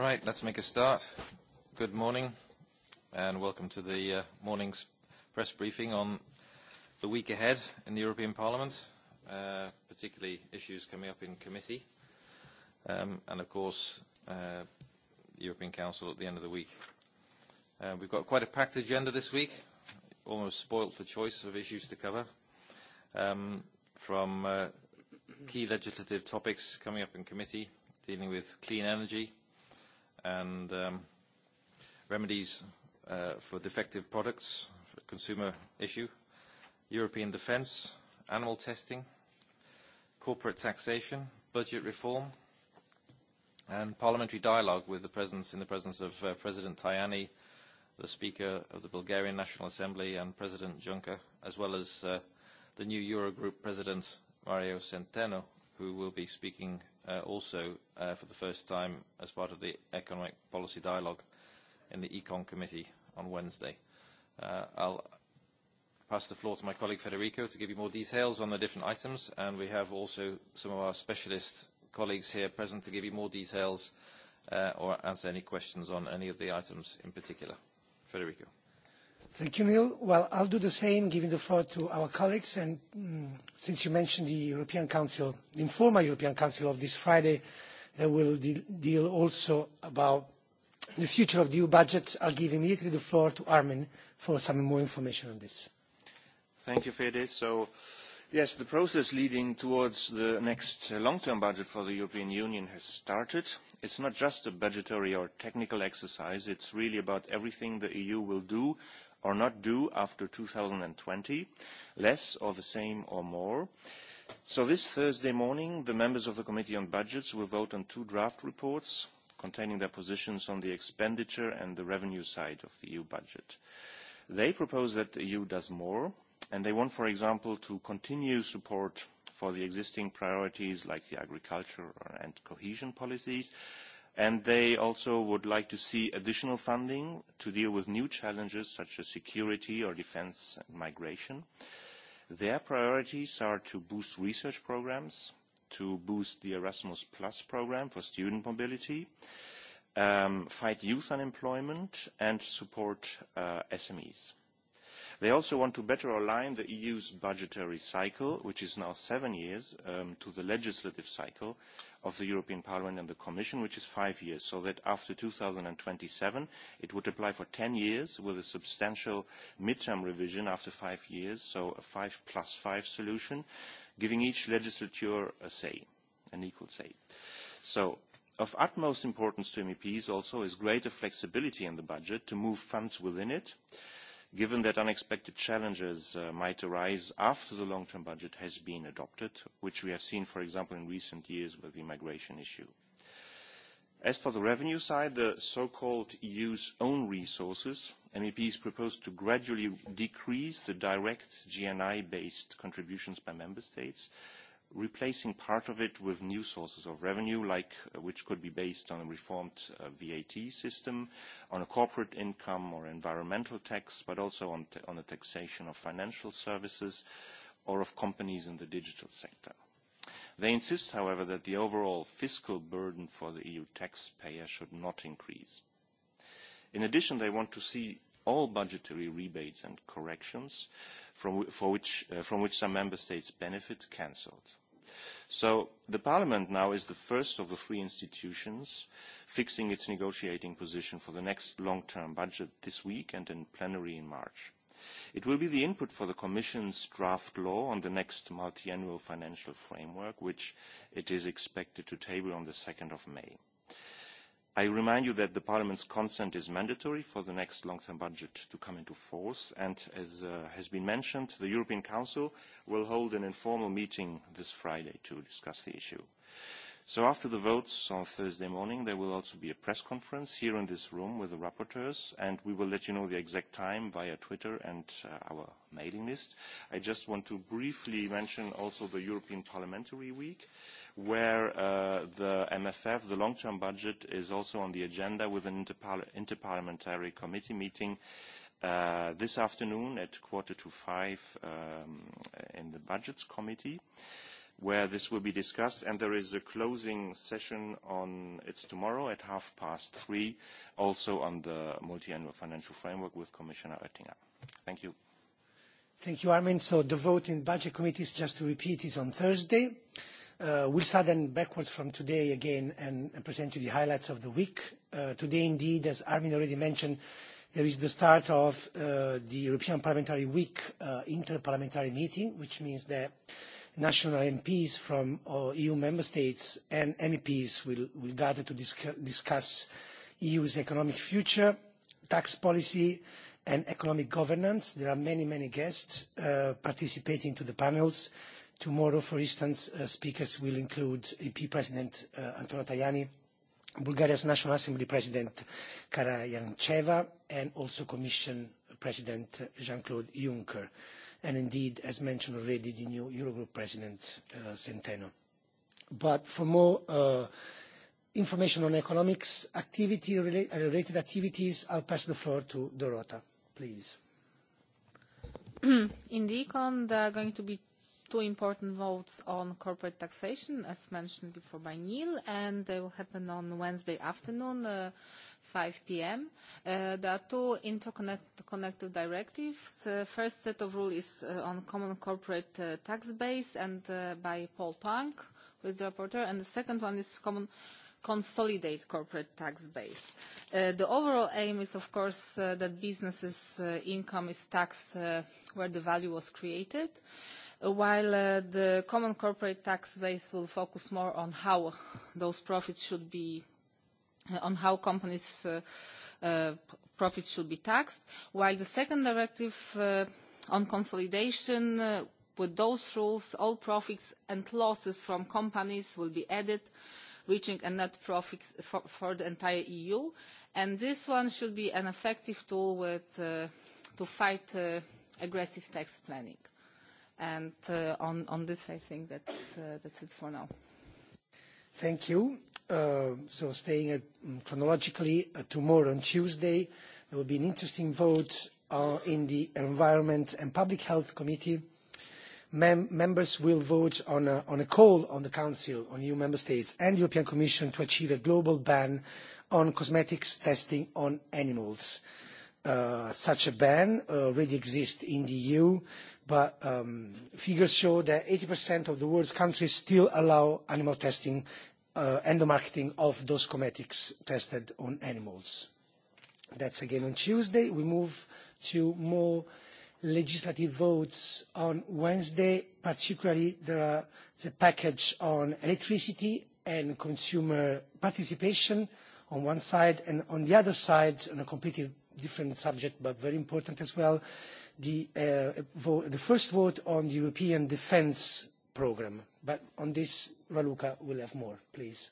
Right, let's make a start. Good morning, and welcome to the uh, morning's press briefing on the week ahead in the European Parliament, uh, particularly issues coming up in committee, um, and of course, uh, the European Council at the end of the week. We've got quite a packed agenda this week, almost spoilt for choice of issues to cover, um, from key legislative topics coming up in committee, dealing with clean energy, and um, remedies uh, for defective products, for consumer issue, European defence, animal testing, corporate taxation, budget reform, and parliamentary dialogue with the presence, in the presence of uh, President Tajani, the Speaker of the Bulgarian National Assembly, and President Juncker, as well as uh, the new Eurogroup President Mario Centeno who will be speaking uh, also uh, for the first time as part of the Economic Policy Dialogue in the Econ Committee on Wednesday. Uh, I'll pass the floor to my colleague Federico to give you more details on the different items, and we have also some of our specialist colleagues here present to give you more details or answer any questions on any of the items in particular. Federico. Thank you, Neil. Well, I'll do the same, giving the floor to our colleagues. And um, since you mentioned the European Council, the informal European Council of this Friday, that will de deal also about the future of the EU budget. I'll give immediately the floor to Armin for some more information on this. Thank you, Fede. So, yes, the process leading towards the next long-term budget for the European Union has started. It's not just a budgetary or technical exercise. It's really about everything the EU will do or not due after 2020, less or the same or more. So this Thursday morning, the members of the Committee on Budgets will vote on two draft reports containing their positions on the expenditure and the revenue side of the EU budget. They propose that the EU does more, and they want, for example, to continue support for the existing priorities like the agriculture and cohesion policies, and they also would like to see additional funding to deal with new challenges such as security or defence and migration. Their priorities are to boost research programmes, to boost the Erasmus Plus programme for student mobility, um, fight youth unemployment and support uh, SMEs. They also want to better align the EU's budgetary cycle, which is now seven years, um, to the legislative cycle of the European Parliament and the Commission, which is five years, so that after 2027 it would apply for 10 years with a substantial midterm revision after five years, so a five plus five solution, giving each legislature a say, an equal say. So of utmost importance to MEPs also is greater flexibility in the budget to move funds within it given that unexpected challenges uh, might arise after the long term budget has been adopted which we have seen for example in recent years with the migration issue. as for the revenue side the so called eu's own resources meps propose to gradually decrease the direct gni based contributions by member states replacing part of it with new sources of revenue, like uh, which could be based on a reformed uh, VAT system, on a corporate income or environmental tax, but also on, on the taxation of financial services or of companies in the digital sector. They insist, however, that the overall fiscal burden for the EU taxpayer should not increase. In addition, they want to see all budgetary rebates and corrections from, which, uh, from which some member states benefit cancelled. So the Parliament now is the first of the three institutions fixing its negotiating position for the next long-term budget this week and in plenary in March. It will be the input for the Commission's draft law on the next multiannual financial framework, which it is expected to table on the 2 of May. I remind you that the Parliament's consent is mandatory for the next long-term budget to come into force, and as uh, has been mentioned, the European Council will hold an informal meeting this Friday to discuss the issue. So after the votes on Thursday morning, there will also be a press conference here in this room with the rapporteurs, and we will let you know the exact time via Twitter and uh, our mailing list. I just want to briefly mention also the European Parliamentary Week, where uh, the MFF, the long-term budget, is also on the agenda with an interparliamentary committee meeting uh, this afternoon at quarter to five um, in the Budgets Committee where this will be discussed and there is a closing session on it's tomorrow at half past three also on the multi-annual financial framework with Commissioner Oettinger. Thank you. Thank you, Armin. So the vote in budget committees, just to repeat, is on Thursday. Uh, we'll start then backwards from today again and, present you the highlights of the week. Uh, today, indeed, as Armin already mentioned, there is the start of uh, the European Parliamentary Week uh, interparliamentary meeting, which means that national MPs from uh, EU member states and MEPs will, gather to discuss, EU's economic future, tax policy and economic governance. There are many, many guests uh, participating to the panels. Tomorrow, for instance, uh, speakers will include EP President Antonio Tajani, Bulgaria's National Assembly President Kara Yancheva, and also Commission President Jean-Claude Juncker and indeed, as mentioned already, the new Eurogroup President uh, Centeno. But for more uh, information on economics activity related activities, I'll pass the floor to Dorota, please. In the econ, there are going to be two important votes on corporate taxation, as mentioned before by Neil, and they will happen on Wednesday afternoon, 5 uh, p.m. Uh, there are two interconnected directives. The uh, first set of rules is on common corporate tax base and by Paul Tang, who is the rapporteur, and the second one is common consolidate corporate tax base. the overall aim is, of course, that businesses' income is taxed where the value was created while uh, the common corporate tax base will focus more on how those profits should be uh, on how companies' uh, profits should be taxed, while the second directive on consolidation with those rules all profits and losses from companies will be added reaching a net profit for, the entire eu and this one should be an effective tool to fight aggressive tax planning. And uh, on, on this, I think that's, uh, that's it for now. Thank you. Uh, so staying mm, chronologically, tomorrow on Tuesday, there will be an interesting vote in the Environment and Public Health Committee. members will vote on a, on a call on the Council, on EU member states and European Commission to achieve a global ban on cosmetics testing on animals. such a ban already exists in the EU but um, figures show that 80% of the world's countries still allow animal testing uh, and the marketing of those cometics tested on animals. That's again on Tuesday. We move to more legislative votes on Wednesday. Particularly, there are the package on electricity and consumer participation on one side, and on the other side, on a completely different subject, but very important as well, the, uh, the first vote on the European Defence Programme. But on this, Raluca will have more, please.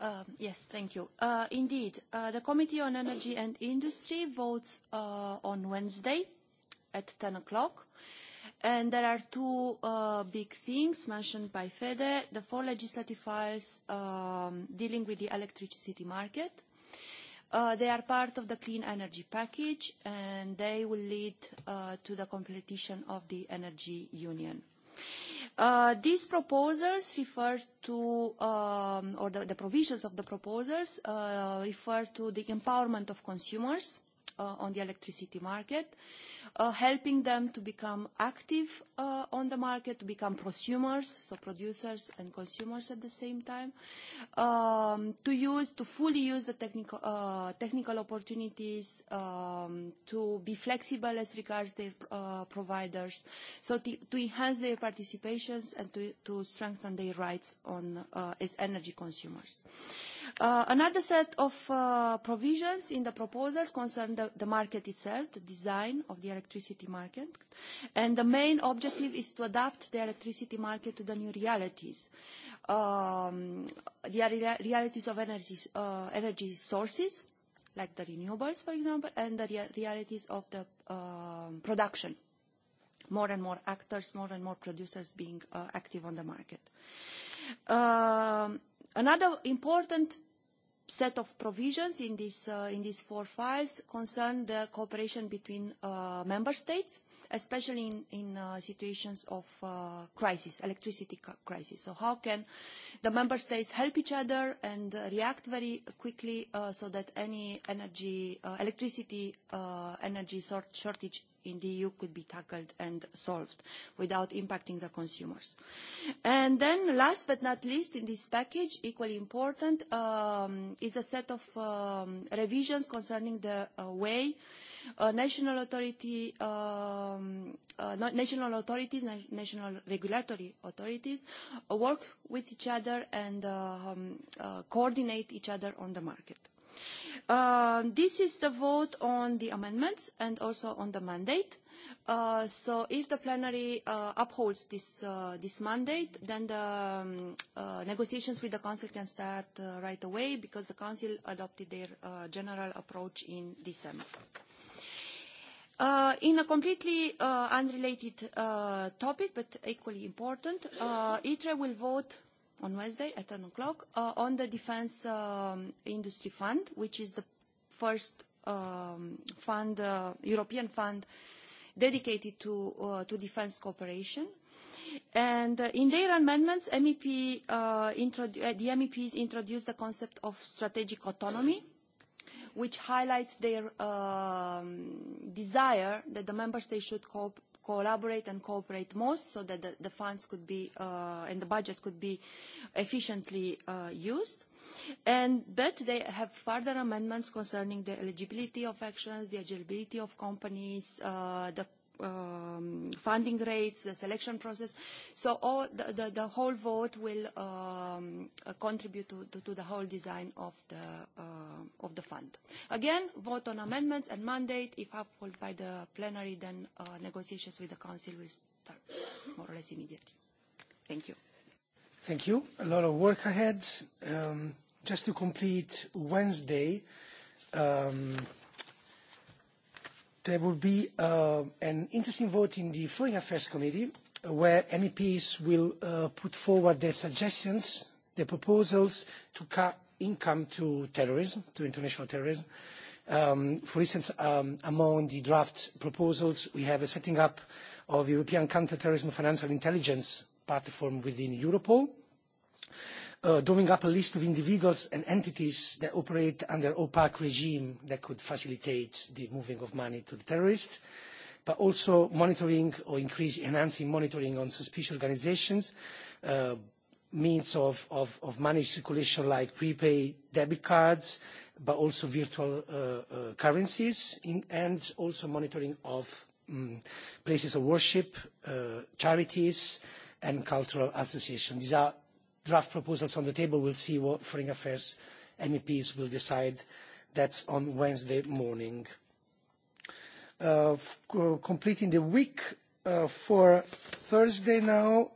Uh, yes, thank you. Uh, indeed, uh, the Committee on Energy and Industry votes on Wednesday at 10 o'clock. And there are two uh, big things mentioned by FEDE, the four legislative files um, dealing with the electricity market, Uh, they are part of the clean energy package and they will lead uh, to the completion of the energy union. Uh, these proposals refer to, um, or the provisions of the proposals refer to the empowerment of consumers, Uh, on the electricity market, uh, helping them to become active uh, on the market, to become prosumers, so producers and consumers at the same time, um, to use, to fully use the technical, technical opportunities, um, to be flexible as regards their providers, so to, to enhance their participations and to, to strengthen their rights on, as energy consumers. Uh, another set of uh, provisions in the proposals concern the, market itself, the design of the electricity market, and the main objective is to adapt the electricity market to the new realities, um, the realities of uh, energy, sources, like the renewables, for example, and the realities of the um, production. More and more actors, more and more producers being active on the market. Um, Another important set of provisions in, this, uh, in these four files concern the cooperation between uh, member states especially in, in uh, situations of uh, crisis, electricity crisis. So how can the member states help each other and uh, react very quickly uh, so that any energy, uh, electricity energy sort shortage in the EU could be tackled and solved without impacting the consumers. And then last but not least in this package, equally important, um, is a set of um, revisions concerning the way Uh, national authority, um, uh, national authorities, national regulatory authorities uh, work with each other and uh, um, coordinate each other on the market. This is the vote on the amendments and also on the mandate. Uh, so if the plenary uh, upholds this, uh, this mandate, then the um, uh, negotiations with the Council can start uh, right away because the Council adopted their uh, general approach in December. Uh, in a completely uh, unrelated uh, topic, but equally important, uh, ITRE will vote on Wednesday at 10 o'clock uh, on the Defense um, Industry Fund, which is the first um, fund, uh, European fund dedicated to, uh, to defense cooperation. And uh, in their amendments, MEP, uh, uh, the MEPs introduced the concept of strategic autonomy which highlights their um, desire that the member states should co collaborate and cooperate most so that the, the funds could be uh, and the budgets could be efficiently uh, used. And that they have further amendments concerning the eligibility of actions, the eligibility of companies, uh, the um, funding rates, the selection process. So all the, the, the whole vote will um, uh, contribute to, to, the whole design of the, uh, of the fund. Again, vote on amendments and mandate. If upheld by the plenary, then uh, negotiations with the Council will start more or less immediately. Thank you. Thank you. A lot of work ahead. Um, just to complete Wednesday, um, there will be uh, an interesting vote in the Foreign Affairs Committee where MEPs will uh, put forward their suggestions, their proposals to cut income to terrorism, to international terrorism. Um, for instance, um, among the draft proposals, we have a setting up of European Counterterrorism Financial Intelligence Platform within Europol. Uh, drawing up a list of individuals and entities that operate under opaque regime that could facilitate the moving of money to the terrorists, but also monitoring or increase, enhancing monitoring on suspicious organizations, uh, means of, of, money circulation like prepaid debit cards, but also virtual uh, currencies, and also monitoring of mm, places of worship, charities, and cultural associations. These are draft proposals on the table. We'll see what foreign affairs MEPs will decide. That's on Wednesday morning. Uh, completing the week uh, for Thursday now,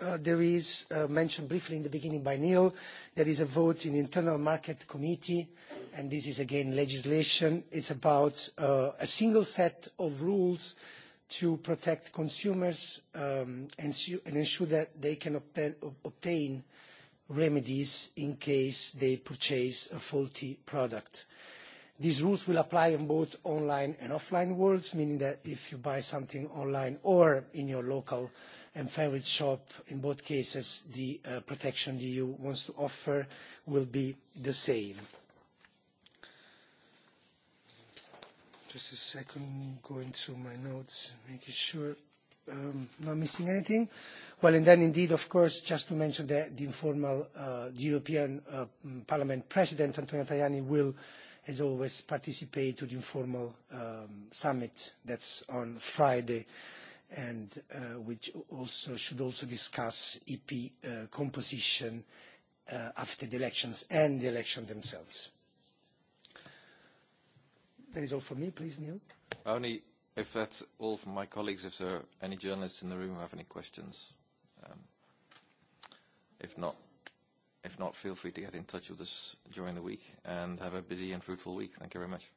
uh, there is, mentioned briefly in the beginning by Neil, there is a vote in Internal Market Committee, and this is again legislation. It's about a single set of rules to protect consumers um, and, ensure that they can obtain, remedies in case they purchase a faulty product. These rules will apply in both online and offline worlds, meaning that if you buy something online or in your local and favorite shop, in both cases, the uh, protection the EU wants to offer will be the same. Just a second, going through my notes, making sure um, not missing anything. Well, and then indeed, of course, just to mention that the informal uh, the European uh, Parliament President, Antonio Tajani, will, as always, participate to the informal um, summit that's on Friday, and uh, which also should also discuss EP uh, composition uh, after the elections and the election themselves. That is all for me. Please, Neil. Only if that's all from my colleagues, if there are any journalists in the room who have any questions. Um, if not, if not, feel free to get in touch with us during the week and have a busy and fruitful week. Thank you very much.